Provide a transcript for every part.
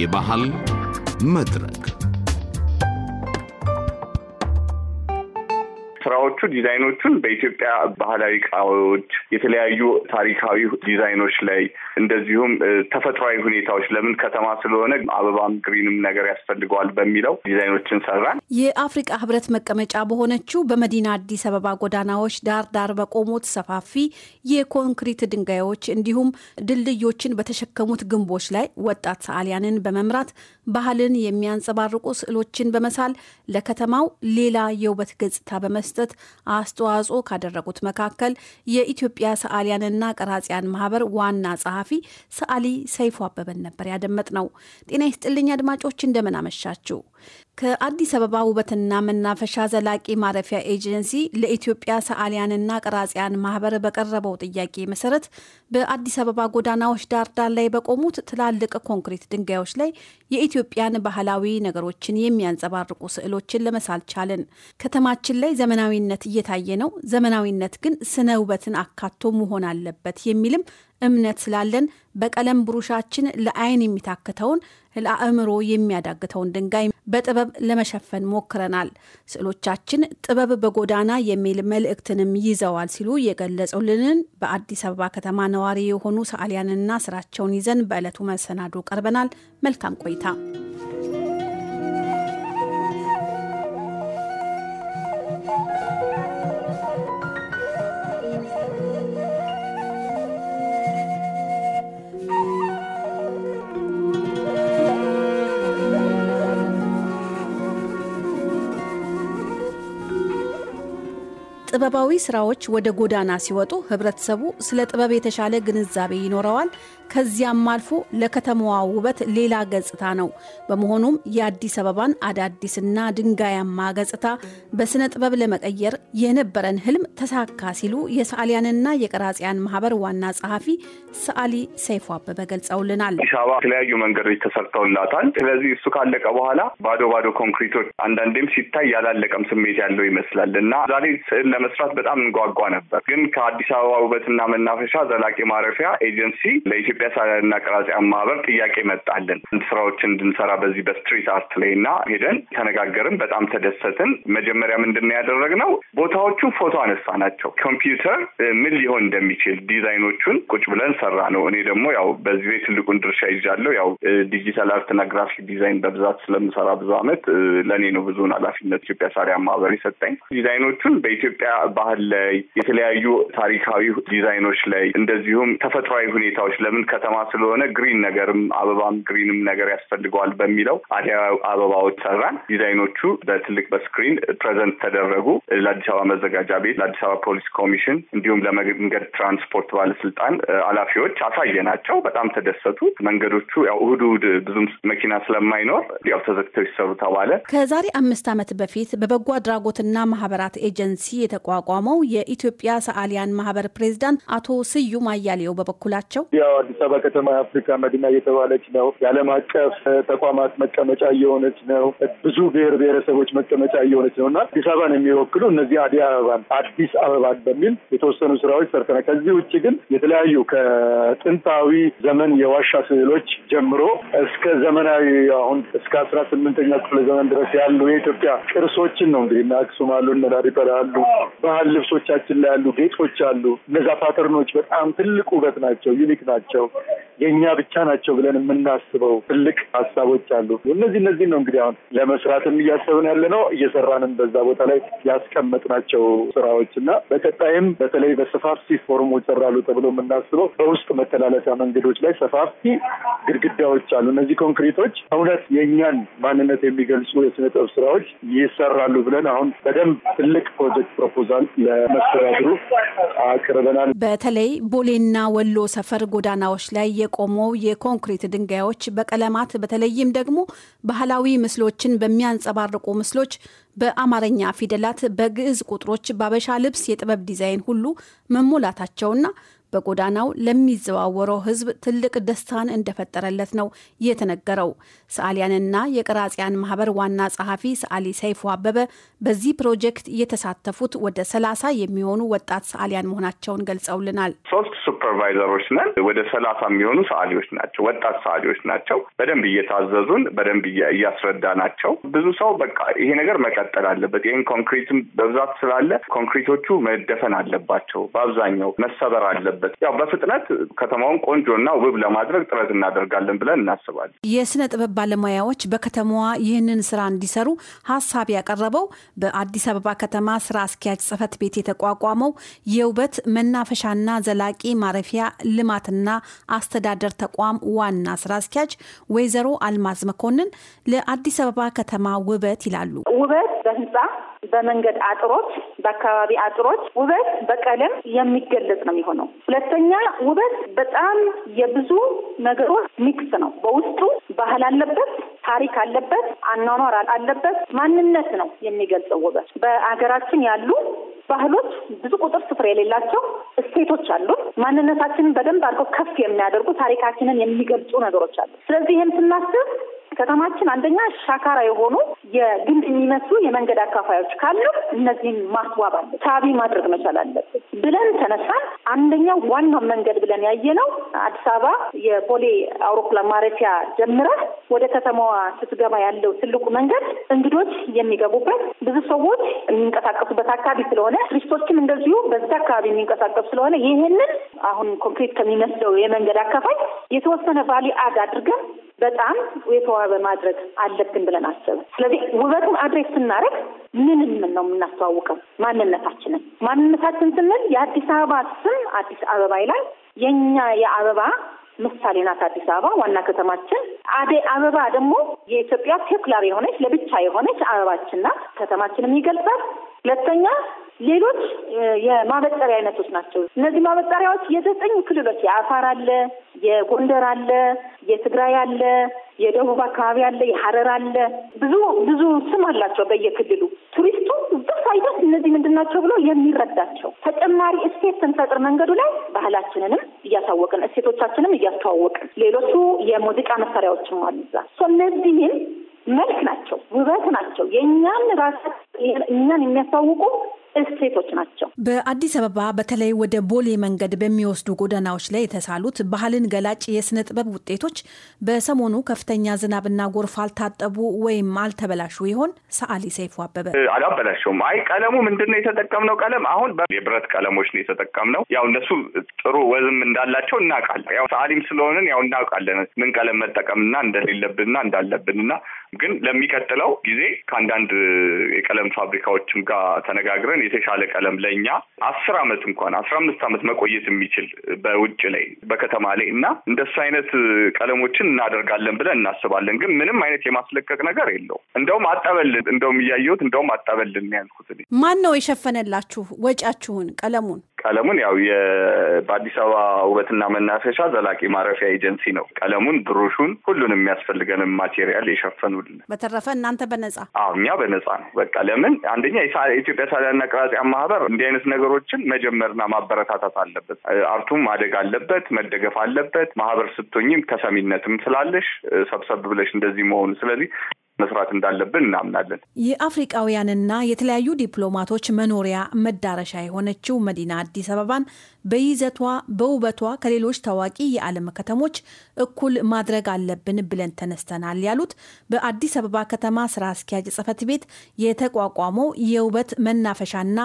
የባህል መድረክ አብዛኛዎቹ ዲዛይኖቹን በኢትዮጵያ ባህላዊ እቃዎች፣ የተለያዩ ታሪካዊ ዲዛይኖች ላይ እንደዚሁም ተፈጥሯዊ ሁኔታዎች ለምን ከተማ ስለሆነ አበባም ግሪንም ነገር ያስፈልገዋል በሚለው ዲዛይኖችን ሰራን። የአፍሪቃ ህብረት መቀመጫ በሆነችው በመዲና አዲስ አበባ ጎዳናዎች ዳር ዳር በቆሙት ሰፋፊ የኮንክሪት ድንጋዮች እንዲሁም ድልድዮችን በተሸከሙት ግንቦች ላይ ወጣት ሰዓሊያንን በመምራት ባህልን የሚያንጸባርቁ ስዕሎችን በመሳል ለከተማው ሌላ የውበት ገጽታ በመስጠት አስተዋጽኦ ካደረጉት መካከል የኢትዮጵያ ሰዓሊያንና ቀራጺያን ማህበር ዋና ጸሐፊ ሰዓሊ ሰይፉ አበበን ነበር ያደመጥ ነው። ጤና ይስጥልኝ አድማጮች እንደምን አመሻችሁ። ከአዲስ አበባ ውበትና መናፈሻ ዘላቂ ማረፊያ ኤጀንሲ ለኢትዮጵያ ሰዓሊያንና ቀራጺያን ማህበር በቀረበው ጥያቄ መሰረት በአዲስ አበባ ጎዳናዎች ዳር ዳር ላይ በቆሙት ትላልቅ ኮንክሪት ድንጋዮች ላይ የኢትዮጵያን ባህላዊ ነገሮችን የሚያንጸባርቁ ስዕሎችን ለመሳል ቻልን። ከተማችን ላይ ዘመናዊነት እየታየ ነው። ዘመናዊነት ግን ስነ ውበትን አካቶ መሆን አለበት የሚልም እምነት ስላለን በቀለም ብሩሻችን ለአይን የሚታክተውን ለአእምሮ የሚያዳግተውን ድንጋይ በጥበብ ለመሸፈን ሞክረናል። ስዕሎቻችን ጥበብ በጎዳና የሚል መልእክትንም ይዘዋል ሲሉ የገለጹልንን በአዲስ አበባ ከተማ ነዋሪ የሆኑ ሰዓሊያንና ስራቸውን ይዘን በዕለቱ መሰናዶ ቀርበናል። መልካም ቆይታ ጥበባዊ ስራዎች ወደ ጎዳና ሲወጡ ህብረተሰቡ ስለ ጥበብ የተሻለ ግንዛቤ ይኖረዋል። ከዚያም አልፎ ለከተማዋ ውበት ሌላ ገጽታ ነው። በመሆኑም የአዲስ አበባን አዳዲስና ድንጋያማ ገጽታ በስነ ጥበብ ለመቀየር የነበረን ህልም ተሳካ ሲሉ የሰዓሊያንና የቀራጺያን ማህበር ዋና ጸሐፊ ሰዓሊ ሰይፎ አበበ ገልጸውልናል። አዲስ አበባ የተለያዩ መንገዶች ተሰርተውላታል። ስለዚህ እሱ ካለቀ በኋላ ባዶ ባዶ ኮንክሪቶች አንዳንዴም ሲታይ ያላለቀም ስሜት ያለው ይመስላል እና ዛሬ ስዕል ለመስራት በጣም እንጓጓ ነበር። ግን ከአዲስ አበባ ውበትና መናፈሻ ዘላቂ ማረፊያ ኤጀንሲ ለኢትዮጵያ ሳልና ቀራጺያን ማህበር ጥያቄ መጣልን ስራዎች እንድንሰራ በዚህ በስትሪት አርት ላይ እና ሄደን ተነጋገርን። በጣም ተደሰትን። መጀመሪያ ምንድን ነው ያደረግነው? ቦታዎቹን ፎቶ አነሳ ናቸው። ኮምፒውተር ምን ሊሆን እንደሚችል ዲዛይኖቹን ቁጭ ብለን ሰራ ነው። እኔ ደግሞ ያው በዚህ ላይ ትልቁን ድርሻ ይዣለሁ። ያው ዲጂታል አርትና ግራፊክ ዲዛይን በብዛት ስለምሰራ ብዙ አመት ለእኔ ነው ብዙውን ኃላፊነት ኢትዮጵያ ሳሪያ ማህበር የሰጠኝ ዲዛይኖቹን በኢትዮጵያ የኢትዮጵያ ባህል ላይ የተለያዩ ታሪካዊ ዲዛይኖች ላይ እንደዚሁም ተፈጥሯዊ ሁኔታዎች ለምን ከተማ ስለሆነ ግሪን ነገርም አበባም ግሪንም ነገር ያስፈልገዋል በሚለው አዲያ አበባዎች ሰራን። ዲዛይኖቹ በትልቅ በስክሪን ፕሬዘንት ተደረጉ። ለአዲስ አበባ መዘጋጃ ቤት፣ ለአዲስ አበባ ፖሊስ ኮሚሽን እንዲሁም ለመንገድ ትራንስፖርት ባለስልጣን ኃላፊዎች አሳየናቸው። በጣም ተደሰቱ። መንገዶቹ ያው እሁድ እሁድ ብዙም መኪና ስለማይኖር ያው ተዘግተው ይሰሩ ተባለ። ከዛሬ አምስት ዓመት በፊት በበጎ አድራጎትና ማህበራት ኤጀንሲ የተቋቋመው የኢትዮጵያ ሰዓሊያን ማህበር ፕሬዚዳንት አቶ ስዩም አያሌው በበኩላቸው ያው አዲስ አበባ ከተማ የአፍሪካ መዲና እየተባለች ነው። የዓለም አቀፍ ተቋማት መቀመጫ እየሆነች ነው። ብዙ ብሔር ብሔረሰቦች መቀመጫ እየሆነች ነው እና አዲስ አበባን የሚወክሉ እነዚህ አዲ አበባን አዲስ አበባን በሚል የተወሰኑ ስራዎች ሰርተናል። ከዚህ ውጭ ግን የተለያዩ ከጥንታዊ ዘመን የዋሻ ስዕሎች ጀምሮ እስከ ዘመናዊ አሁን እስከ አስራ ስምንተኛ ክፍለ ዘመን ድረስ ያሉ የኢትዮጵያ ቅርሶችን ነው እንግዲህ እነ አክሱም አሉ፣ እነ ላሊበላ አሉ፣ ባህል ልብሶቻችን ላይ ያሉ ጌጦች አሉ። እነዛ ፓተርኖች በጣም ትልቅ ውበት ናቸው፣ ዩኒክ ናቸው፣ የእኛ ብቻ ናቸው ብለን የምናስበው ትልቅ ሀሳቦች አሉ። እነዚህ እነዚህ ነው እንግዲህ አሁን ለመስራትም እያሰብን ያለ ነው፣ እየሰራንም በዛ ቦታ ላይ ያስቀመጥናቸው ስራዎች እና በቀጣይም በተለይ በሰፋፊ ፎርሞች ይሰራሉ ተብሎ የምናስበው በውስጥ መተላለፊያ መንገዶች ላይ ሰፋፊ ግድግዳዎች አሉ። እነዚህ ኮንክሪቶች እውነት የእኛን ማንነት የሚገልጹ የስነጥበብ ስራዎች ይሰራሉ ብለን አሁን በደንብ ትልቅ ፕሮጀክት ፕሮፖዛል ለመስተዳድሩ አቅርበናል። በተለይ ቦሌና ወሎ ሰፈር ጎዳናዎች ላይ የቆመው የኮንክሪት ድንጋዮች በቀለማት በተለይም ደግሞ ባህላዊ ምስሎችን በሚያንጸባርቁ ምስሎች በአማርኛ ፊደላት፣ በግዕዝ ቁጥሮች፣ በአበሻ ልብስ፣ የጥበብ ዲዛይን ሁሉ መሞላታቸውና በጎዳናው ለሚዘዋወረው ሕዝብ ትልቅ ደስታን እንደፈጠረለት ነው የተነገረው። ሰዓሊያንና የቀራጺያን ማህበር ዋና ጸሐፊ ሰዓሊ ሰይፉ አበበ በዚህ ፕሮጀክት የተሳተፉት ወደ ሰላሳ የሚሆኑ ወጣት ሰዓሊያን መሆናቸውን ገልጸውልናል። ሶስት ሱፐርቫይዘሮች ነን። ወደ ሰላሳ የሚሆኑ ሰዓሊዎች ናቸው፣ ወጣት ሰዓሊዎች ናቸው። በደንብ እየታዘዙን በደንብ እያስረዳ ናቸው። ብዙ ሰው በቃ ይሄ ነገር መቀጠል አለበት፣ ይህን ኮንክሪትም በብዛት ስላለ ኮንክሪቶቹ መደፈን አለባቸው፣ በአብዛኛው መሰበር አለበት አለበት። ያው በፍጥነት ከተማውን ቆንጆና ውብ ለማድረግ ጥረት እናደርጋለን ብለን እናስባለን። የስነ ጥበብ ባለሙያዎች በከተማዋ ይህንን ስራ እንዲሰሩ ሀሳብ ያቀረበው በአዲስ አበባ ከተማ ስራ አስኪያጅ ጽህፈት ቤት የተቋቋመው የውበት መናፈሻና ዘላቂ ማረፊያ ልማትና አስተዳደር ተቋም ዋና ስራ አስኪያጅ ወይዘሮ አልማዝ መኮንን ለአዲስ አበባ ከተማ ውበት ይላሉ። ውበት በህንፃ በመንገድ አጥሮች፣ በአካባቢ አጥሮች ውበት በቀለም የሚገለጽ ነው የሚሆነው። ሁለተኛ ውበት በጣም የብዙ ነገሮች ሚክስ ነው። በውስጡ ባህል አለበት፣ ታሪክ አለበት፣ አኗኗር አለበት፣ ማንነት ነው የሚገልጸው ውበት። በአገራችን ያሉ ባህሎች ብዙ ቁጥር ስፍር የሌላቸው እሴቶች አሉ። ማንነታችንን በደንብ አድርገው ከፍ የሚያደርጉ ታሪካችንን የሚገልጹ ነገሮች አሉ። ስለዚህ ይህም ስናስብ ከተማችን አንደኛ ሻካራ የሆኑ የግንድ የሚመስሉ የመንገድ አካፋዮች ካሉ እነዚህም ማስዋብ አለ ሳቢ ማድረግ መቻል አለብን ብለን ተነሳን። አንደኛው ዋናው መንገድ ብለን ያየነው አዲስ አበባ የቦሌ አውሮፕላን ማረፊያ ጀምረህ ወደ ከተማዋ ስትገባ ያለው ትልቁ መንገድ እንግዶች የሚገቡበት ብዙ ሰዎች የሚንቀሳቀሱበት አካባቢ ስለሆነ ቱሪስቶችም እንደዚሁ በዛ አካባቢ የሚንቀሳቀሱ ስለሆነ ይህንን አሁን ኮንክሪት ከሚመስለው የመንገድ አካፋይ የተወሰነ ቫሊ አድ አድርገን በጣም የተዋበ ማድረግ አለብን ብለን አሰብን። ስለዚህ ውበቱን አድሬስ ስናደርግ ምንም ነው የምናስተዋውቀው? ማንነታችንን። ማንነታችን ስንል የአዲስ አበባ ስም አዲስ አበባ ይላል። የእኛ የአበባ ምሳሌ ናት አዲስ አበባ ዋና ከተማችን። አዴ አበባ ደግሞ የኢትዮጵያ ሴኩላር የሆነች ለብቻ የሆነች አበባችን ናት። ከተማችንም ይገልጻል። ሁለተኛ ሌሎች የማበጠሪያ አይነቶች ናቸው። እነዚህ ማበጠሪያዎች የዘጠኙ ክልሎች የአፋር አለ፣ የጎንደር አለ፣ የትግራይ አለ፣ የደቡብ አካባቢ አለ፣ የሀረር አለ። ብዙ ብዙ ስም አላቸው በየክልሉ ቱሪስቱ እዛ ሳይደርስ እነዚህ ምንድን ናቸው ብሎ የሚረዳቸው ተጨማሪ እሴት ስንፈጥር መንገዱ ላይ ባህላችንንም እያሳወቅን እሴቶቻችንም እያስተዋወቅን ሌሎቹ የሙዚቃ መሳሪያዎችም አሉ እዛ እነዚህም መልክ ናቸው፣ ውበት ናቸው። የእኛን ራሳ እኛን የሚያስታውቁ እሴቶች ናቸው። በአዲስ አበባ በተለይ ወደ ቦሌ መንገድ በሚወስዱ ጎዳናዎች ላይ የተሳሉት ባህልን ገላጭ የስነ ጥበብ ውጤቶች በሰሞኑ ከፍተኛ ዝናብና ጎርፍ አልታጠቡ ወይም አልተበላሹ ይሆን? ሰዓሊ ሰይፉ አበበ። አላበላሸውም። አይ ቀለሙ ምንድን ነው የተጠቀምነው? ቀለም አሁን የብረት ቀለሞች ነው የተጠቀምነው። ያው እነሱ ጥሩ ወዝም እንዳላቸው እናውቃለን። ያው ሰዓሊም ስለሆንን ያው እናውቃለን ምን ቀለም መጠቀምና እንደሌለብንና እንዳለብንና ግን ለሚቀጥለው ጊዜ ከአንዳንድ የቀለም ፋብሪካዎችም ጋር ተነጋግረን የተሻለ ቀለም ለእኛ አስር አመት እንኳን አስራ አምስት አመት መቆየት የሚችል በውጭ ላይ በከተማ ላይ እና እንደሱ አይነት ቀለሞችን እናደርጋለን ብለን እናስባለን። ግን ምንም አይነት የማስለቀቅ ነገር የለው። እንደውም አጠበልን እንደውም እያየሁት እንደውም አጠበልን ያልኩት ማን ነው የሸፈነላችሁ ወጪያችሁን ቀለሙን? ቀለሙን ያው በአዲስ አበባ ውበትና መናፈሻ ዘላቂ ማረፊያ ኤጀንሲ ነው ቀለሙን፣ ብሩሹን፣ ሁሉን የሚያስፈልገንም ማቴሪያል የሸፈኑልን። በተረፈ እናንተ በነጻ? አዎ እኛ በነጻ ነው። በቃ ለምን አንደኛ የኢትዮጵያ ሳሊያና አቅራጺያን ማህበር እንዲህ አይነት ነገሮችን መጀመርና ማበረታታት አለበት። አርቱም ማደግ አለበት፣ መደገፍ አለበት። ማህበር ስትሆኝም ተሰሚነትም ስላለሽ ሰብሰብ ብለሽ እንደዚህ መሆኑ ስለዚህ መስራት እንዳለብን እናምናለን። የአፍሪቃውያንና የተለያዩ ዲፕሎማቶች መኖሪያ መዳረሻ የሆነችው መዲና አዲስ አበባን በይዘቷ በውበቷ ከሌሎች ታዋቂ የዓለም ከተሞች እኩል ማድረግ አለብን ብለን ተነስተናል ያሉት በአዲስ አበባ ከተማ ስራ አስኪያጅ ጽህፈት ቤት የተቋቋመው የውበት መናፈሻና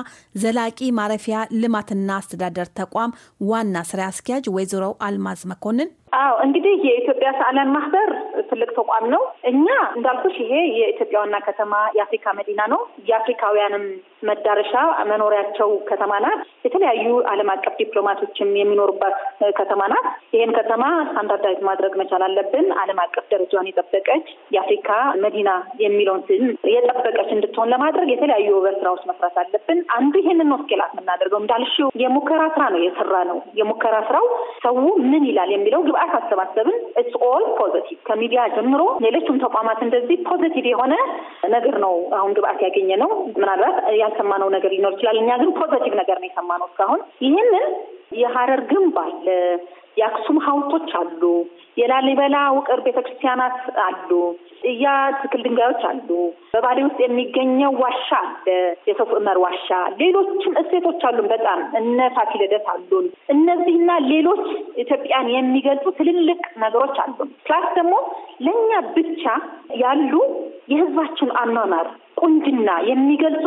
ዘላቂ ማረፊያ ልማትና አስተዳደር ተቋም ዋና ስራ አስኪያጅ ወይዘሮ አልማዝ መኮንን አዎ እንግዲህ የኢትዮጵያ ሰዓሊያን ማህበር ትልቅ ተቋም ነው። እኛ እንዳልኩሽ ይሄ የኢትዮጵያ ዋና ከተማ የአፍሪካ መዲና ነው። የአፍሪካውያንም መዳረሻ መኖሪያቸው ከተማ ናት። የተለያዩ ዓለም አቀፍ ዲፕሎማቶችም የሚኖሩባት ከተማ ናት። ይህን ከተማ ስታንዳርዳይዝ ማድረግ መቻል አለብን። ዓለም አቀፍ ደረጃን የጠበቀች የአፍሪካ መዲና የሚለውን ስም የጠበቀች እንድትሆን ለማድረግ የተለያዩ ውበት ስራዎች መስራት አለብን። አንዱ ይህንን ነው ስኬላት የምናደርገው እንዳልሽው የሙከራ ስራ ነው የሰራ ነው። የሙከራ ስራው ሰው ምን ይላል የሚለው ግብአት አሰባሰብን ኢትስ ኦል ፖዘቲቭ ከሚዲያ ጀምሮ ሌሎቹም ተቋማት እንደዚህ ፖዘቲቭ የሆነ ነገር ነው አሁን ግብአት ያገኘ ነው ምናልባት ያልሰማነው ነገር ሊኖር ይችላል። እኛ ግን ፖዘቲቭ ነገር ነው የሰማነው እስካሁን። ይህንን የሀረር ግንብ አለ፣ የአክሱም ሀውልቶች አሉ፣ የላሊበላ ውቅር ቤተክርስቲያናት አሉ፣ እያ ትክል ድንጋዮች አሉ፣ በባሌ ውስጥ የሚገኘው ዋሻ አለ፣ የሶፍ ዑመር ዋሻ፣ ሌሎችም እሴቶች አሉን። በጣም እነ ፋሲለደስ አሉን። እነዚህና ሌሎች ኢትዮጵያን የሚገልጹ ትልልቅ ነገሮች አሉን። ፕላስ ደግሞ ለእኛ ብቻ ያሉ የህዝባችን አኗኗር ቁንጅና የሚገልጹ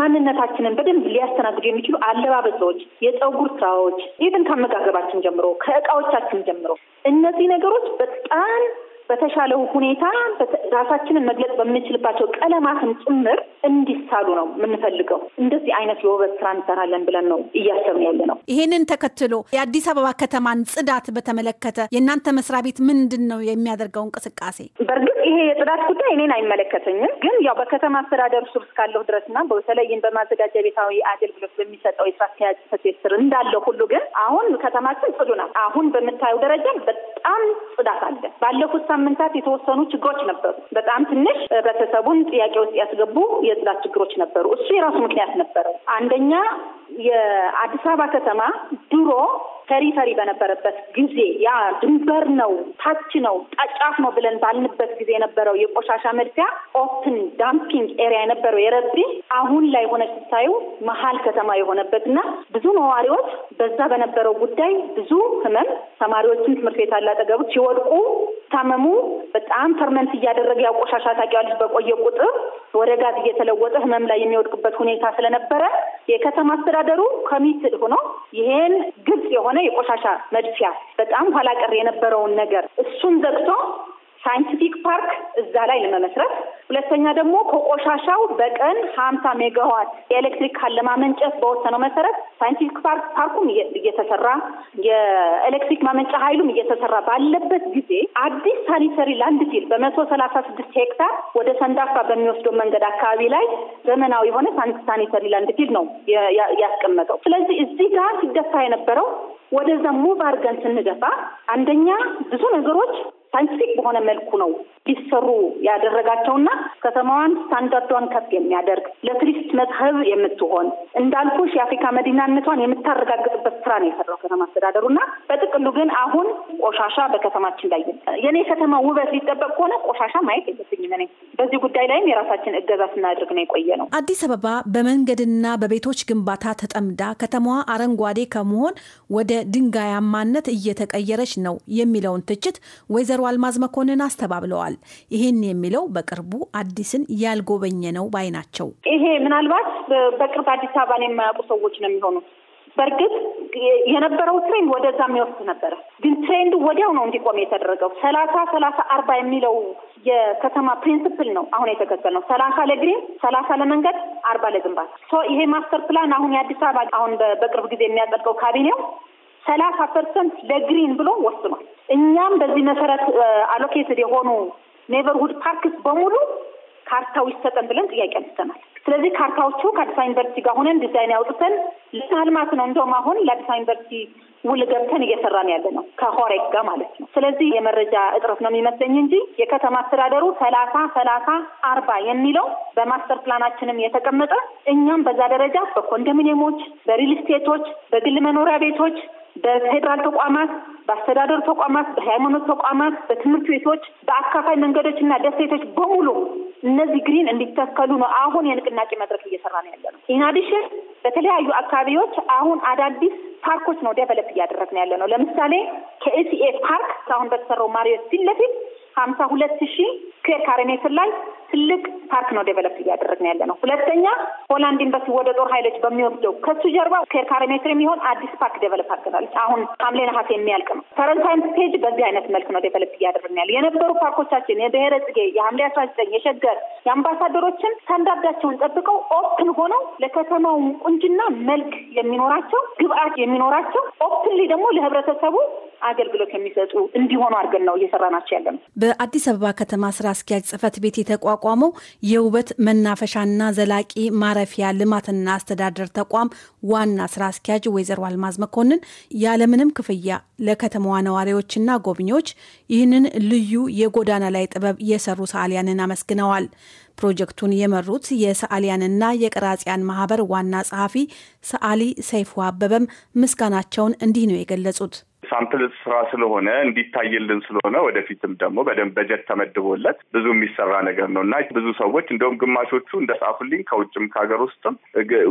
ማንነታችንን በደንብ ሊያስተናግዱ የሚችሉ አለባበሶች፣ የፀጉር ስራዎች፣ ይህን ከአመጋገባችን ጀምሮ ከእቃዎቻችን ጀምሮ እነዚህ ነገሮች በጣም በተሻለው ሁኔታ ራሳችንን መግለጽ በምንችልባቸው ቀለማትን ጭምር እንዲሳሉ ነው የምንፈልገው። እንደዚህ አይነት የውበት ስራ እንሰራለን ብለን ነው እያሰብን ያለ ነው። ይሄንን ተከትሎ የአዲስ አበባ ከተማን ጽዳት በተመለከተ የእናንተ መስሪያ ቤት ምንድን ነው የሚያደርገው እንቅስቃሴ? በእርግጥ ይሄ የጽዳት ጉዳይ እኔን አይመለከተኝም፣ ግን ያው በከተማ አስተዳደር ስር እስካለሁ ድረስና በተለይም በማዘጋጃ ቤታዊ አገልግሎት በሚሰጠው የስራ አስኪያጅ ጽሕፈት ስር እንዳለው ሁሉ ግን አሁን ከተማችን ጽዱ ነው። አሁን በምታየው ደረጃ በጣም ጽዳት አለ ባለፉት ሳምንታት የተወሰኑ ችግሮች ነበሩ። በጣም ትንሽ ህብረተሰቡን ጥያቄ ውስጥ ያስገቡ የጽዳት ችግሮች ነበሩ። እሱ የራሱ ምክንያት ነበረው። አንደኛ የአዲስ አበባ ከተማ ድሮ ተሪተሪ በነበረበት ጊዜ ያ ድንበር ነው ታች ነው ጫፍ ነው ብለን ባልንበት ጊዜ የነበረው የቆሻሻ መድፊያ ኦፕን ዳምፒንግ ኤሪያ የነበረው የረቢ አሁን ላይ ሆነች ስታዩ መሀል ከተማ የሆነበት እና ብዙ ነዋሪዎች በዛ በነበረው ጉዳይ ብዙ ህመም ተማሪዎችን ትምህርት ቤት አላጠገቡት ሲወድቁ ታመሙ። በጣም ፈርመንት እያደረገ ያው ቆሻሻ ታውቂዋለሽ፣ በቆየ ቁጥር ወደ ጋዝ እየተለወጠ ህመም ላይ የሚወድቅበት ሁኔታ ስለነበረ የከተማ አስተዳደሩ ኮሚትድ ሆኖ ይሄን ግልጽ የሆነ የቆሻሻ መድፊያ በጣም ኋላቀር የነበረውን ነገር እሱን ዘግቶ ሳይንቲፊክ ፓርክ እዛ ላይ ለመመስረት ሁለተኛ ደግሞ ከቆሻሻው በቀን ሀምሳ ሜጋዋት የኤሌክትሪክ ኃይል ለማመንጨት በወሰነው መሰረት ሳይንቲፊክ ፓርኩም እየተሰራ የኤሌክትሪክ ማመንጫ ኃይሉም እየተሰራ ባለበት ጊዜ አዲስ ሳኒተሪ ላንድ ፊል በመቶ ሰላሳ ስድስት ሄክታር ወደ ሰንዳፋ በሚወስደው መንገድ አካባቢ ላይ ዘመናዊ የሆነ ሳኒተሪ ላንድ ፊል ነው ያስቀመጠው። ስለዚህ እዚህ ጋር ሲደፋ የነበረው ወደዛ ሙቭ አድርገን ስንገፋ አንደኛ ብዙ ነገሮች ሳይንቲፊክ በሆነ መልኩ ነው ሊሰሩ ያደረጋቸውና ከተማዋን ስታንዳርዷን ከፍ የሚያደርግ ለቱሪስት መዝህብ የምትሆን እንዳልኩሽ የአፍሪካ መዲናነቷን የምታረጋግጥበት ስራ ነው የሰራው ከተማ አስተዳደሩና በጥቅሉ ግን አሁን ቆሻሻ በከተማችን ላይ የኔ ከተማ ውበት ሊጠበቅ ከሆነ ቆሻሻ ማየት የለብኝም። እኔ በዚህ ጉዳይ ላይም የራሳችን እገዛ ስናደርግ ነው የቆየ ነው። አዲስ አበባ በመንገድና በቤቶች ግንባታ ተጠምዳ ከተማዋ አረንጓዴ ከመሆን ወደ ድንጋያማነት እየተቀየረች ነው የሚለውን ትችት ወይዘሮ ወይዘሮ አልማዝ መኮንን አስተባብለዋል። ይህን የሚለው በቅርቡ አዲስን ያልጎበኘ ነው ባይ ናቸው። ይሄ ምናልባት በቅርብ አዲስ አበባን የማያውቁ ሰዎች ነው የሚሆኑት። በእርግጥ የነበረው ትሬንድ ወደዛ የሚወስድ ነበረ፣ ግን ትሬንዱ ወዲያው ነው እንዲቆም የተደረገው። ሰላሳ ሰላሳ አርባ የሚለው የከተማ ፕሪንስፕል ነው አሁን የተከተል ነው። ሰላሳ ለግሪን፣ ሰላሳ ለመንገድ፣ አርባ ለግንባታ። ይሄ ማስተር ፕላን አሁን የአዲስ አበባ አሁን በቅርብ ጊዜ የሚያጸድቀው ካቢኔው ሰላሳ ፐርሰንት ለግሪን ብሎ ወስኗል። እኛም በዚህ መሰረት አሎኬትድ የሆኑ ኔበርሁድ ፓርክስ በሙሉ ካርታው ይሰጠን ብለን ጥያቄ አንስተናል። ስለዚህ ካርታዎቹ ከአዲስ ዩኒቨርሲቲ ጋር ሆነን ዲዛይን ያውጥተን ለማልማት ነው። እንደውም አሁን ለአዲስ ዩኒቨርሲቲ ውል ገብተን እየሰራን ያለ ነው ከሆሬክ ጋር ማለት ነው። ስለዚህ የመረጃ እጥረት ነው የሚመስለኝ እንጂ የከተማ አስተዳደሩ ሰላሳ ሰላሳ አርባ የሚለው በማስተር ፕላናችንም የተቀመጠ እኛም በዛ ደረጃ በኮንዶሚኒየሞች፣ በሪል ስቴቶች፣ በግል መኖሪያ ቤቶች በፌዴራል ተቋማት፣ በአስተዳደሩ ተቋማት፣ በሃይማኖት ተቋማት፣ በትምህርት ቤቶች፣ በአካፋይ መንገዶችና ደሴቶች በሙሉ እነዚህ ግሪን እንዲተከሉ ነው አሁን የንቅናቄ መድረክ እየሰራ ነው ያለ ነው። ኢናዲሽን በተለያዩ አካባቢዎች አሁን አዳዲስ ፓርኮች ነው ዴቨሎፕ እያደረግ ነው ያለ ነው። ለምሳሌ ከኤሲኤ ፓርክ አሁን በተሰራው ማሪዎች ፊት ለፊት ሀምሳ ሁለት ሺህ ስኩዌር ካሬ ሜትር ላይ ትልቅ ፓርክ ነው ዴቨሎፕ እያደረግን ያለ ነው። ሁለተኛ ሆላንድ ኢንቨስት ወደ ጦር ኃይሎች በሚወስደው ከሱ ጀርባ ከካሬ ሜትር የሚሆን አዲስ ፓርክ ዴቨሎፕ አድርገናለች። አሁን ሐምሌ ነሐሴ የሚያልቅ ነው። ፈረንሳይን ስቴጅ በዚህ አይነት መልክ ነው ዴቨሎፕ እያደረግን ያለ የነበሩ ፓርኮቻችን የብሔረ ጽጌ፣ የሐምሌ አስራ ዘጠኝ የሸገር የአምባሳደሮችን ስታንዳርዳቸውን ጠብቀው ኦፕን ሆነው ለከተማው ቁንጅና መልክ የሚኖራቸው ግብአት የሚኖራቸው ኦፕንሊ ደግሞ ለህብረተሰቡ አገልግሎት የሚሰጡ እንዲሆኑ አድርገን ነው ናቸው ያለ ነው። በአዲስ አበባ ከተማ ስራ አስኪያጅ ጽህፈት ቤት የተቋቋ የተቋቋመው የውበት መናፈሻና ዘላቂ ማረፊያ ልማትና አስተዳደር ተቋም ዋና ስራ አስኪያጅ ወይዘሮ አልማዝ መኮንን ያለምንም ክፍያ ለከተማዋ ነዋሪዎችና ጎብኚዎች ይህንን ልዩ የጎዳና ላይ ጥበብ የሰሩ ሰዓሊያንን አመስግነዋል። ፕሮጀክቱን የመሩት የሰዓሊያንና የቀራጺያን ማህበር ዋና ጸሐፊ ሰዓሊ ሰይፉ አበበም ምስጋናቸውን እንዲህ ነው የገለጹት። ሳምፕል ስራ ስለሆነ እንዲታይልን ስለሆነ ወደፊትም ደግሞ በደንብ በጀት ተመድቦለት ብዙ የሚሰራ ነገር ነው እና ብዙ ሰዎች እንደውም ግማሾቹ እንደጻፉልኝ ከውጭም ከሀገር ውስጥም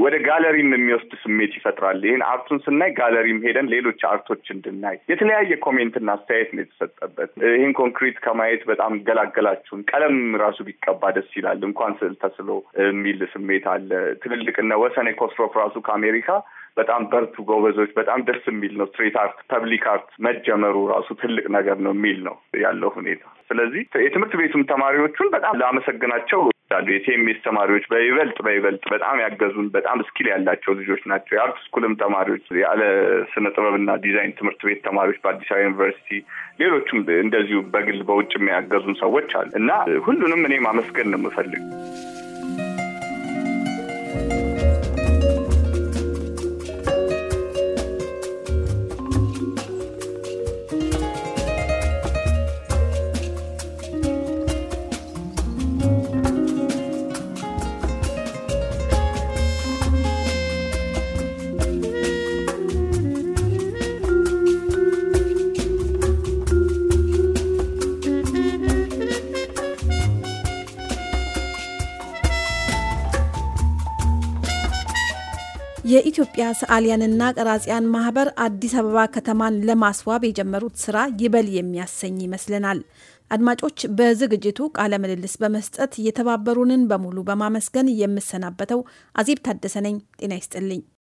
ወደ ጋለሪም የሚወስድ ስሜት ይፈጥራል። ይህን አርቱን ስናይ ጋለሪም ሄደን ሌሎች አርቶች እንድናይ የተለያየ ኮሜንትና አስተያየት ነው የተሰጠበት። ይህን ኮንክሪት ከማየት በጣም ገላገላችሁን። ቀለም ራሱ ቢቀባ ደስ ይላል እንኳን ስዕል ተስሎ የሚል ስሜት አለ። ትልልቅና ወሰኔ ኮስትሮፍ ራሱ ከአሜሪካ በጣም በርቱ ጎበዞች፣ በጣም ደስ የሚል ነው። ስትሪት አርት ፐብሊክ አርት መጀመሩ ራሱ ትልቅ ነገር ነው የሚል ነው ያለው ሁኔታ። ስለዚህ የትምህርት ቤቱም ተማሪዎቹን በጣም ላመሰግናቸው ይወዳሉ። የቲኤምኤስ ተማሪዎች በይበልጥ በይበልጥ በጣም ያገዙን በጣም ስኪል ያላቸው ልጆች ናቸው። የአርት ስኩልም ተማሪዎች፣ ያለ ስነ ጥበብና ዲዛይን ትምህርት ቤት ተማሪዎች በአዲስ አበባ ዩኒቨርሲቲ፣ ሌሎችም እንደዚሁ በግል በውጭ የሚያገዙን ሰዎች አሉ እና ሁሉንም እኔ ማመስገን ነው የምፈልግ የኢትዮጵያ ሰዓሊያንና ቀራጺያን ማህበር አዲስ አበባ ከተማን ለማስዋብ የጀመሩት ስራ ይበል የሚያሰኝ ይመስለናል። አድማጮች፣ በዝግጅቱ ቃለ ምልልስ በመስጠት የተባበሩንን በሙሉ በማመስገን የምሰናበተው አዜብ ታደሰ ነኝ። ጤና ይስጥልኝ።